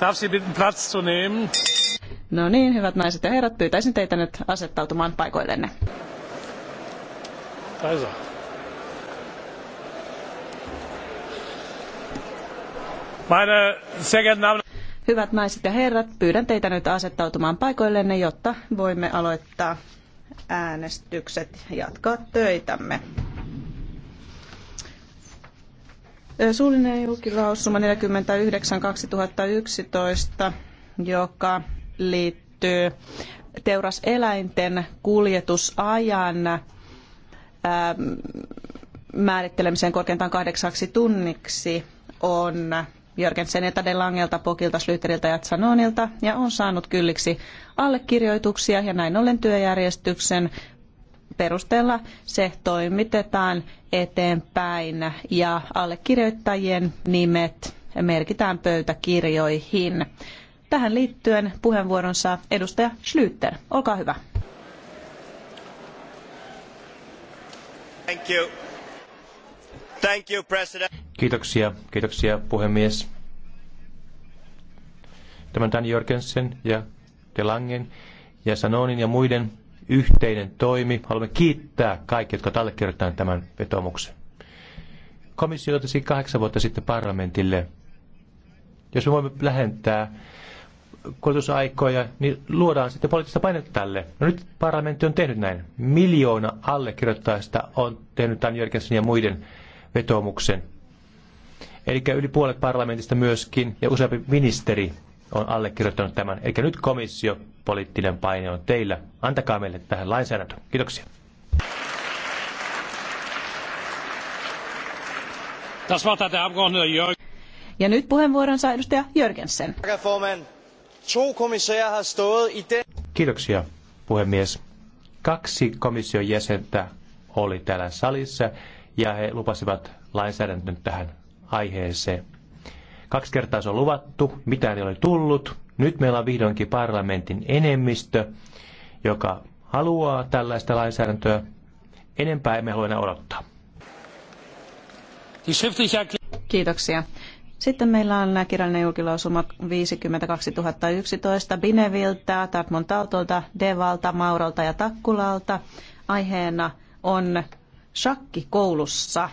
Darf Sie bitten Platz zu nehmen? No niin, hyvät naiset ja herrat, pyytäisin teitä nyt asettautumaan paikoillenne. Also. Er. Meine sehr geehrten Damen Hyvät naiset ja herrat, pyydän teitä nyt asettautumaan paikoillenne, jotta voimme aloittaa äänestykset, jatkaa töitämme. Suullinen julkilausuma 49 2011, joka liittyy teuraseläinten kuljetusajan ähm, määrittelemiseen korkeintaan kahdeksaksi tunniksi, on Jörgensen De Langelta, Pokilta, Slyteriltä ja Zanonilta ja on saanut kylliksi allekirjoituksia ja näin ollen työjärjestyksen perusteella se toimitetaan eteenpäin ja allekirjoittajien nimet merkitään pöytäkirjoihin. Tähän liittyen puheenvuoronsa edustaja Schlüter. Olkaa hyvä. Thank you. Thank you, president. Kiitoksia, kiitoksia puhemies. Tämän Dan Jorgensen ja De Langen ja Sanonin ja muiden yhteinen toimi. Haluamme kiittää kaikki, jotka ovat allekirjoittaneet tämän vetomuksen. Komissio totesi kahdeksan vuotta sitten parlamentille, jos me voimme lähentää kulutusaikoja, niin luodaan sitten poliittista painetta tälle. No nyt parlamentti on tehnyt näin. Miljoona allekirjoittajista on tehnyt tämän Jörgensen ja muiden vetoomuksen. Eli yli puolet parlamentista myöskin ja useampi ministeri on allekirjoittanut tämän. Eli nyt komissio poliittinen paine on teillä. Antakaa meille tähän lainsäädäntö. Kiitoksia. Ja nyt puheenvuoron saa edustaja Jörgensen. Kiitoksia, puhemies. Kaksi komission jäsentä oli täällä salissa ja he lupasivat lainsäädäntön tähän aiheeseen. Kaksi kertaa se on luvattu, mitään ei ole tullut, nyt meillä on vihdoinkin parlamentin enemmistö, joka haluaa tällaista lainsäädäntöä. Enempää emme halua enää odottaa. Kiitoksia. Sitten meillä on kirjallinen julkilausuma 52 2011 Bineviltä, Tartmon Taltolta, Devalta, Maurolta ja Takkulalta. Aiheena on shakki koulussa.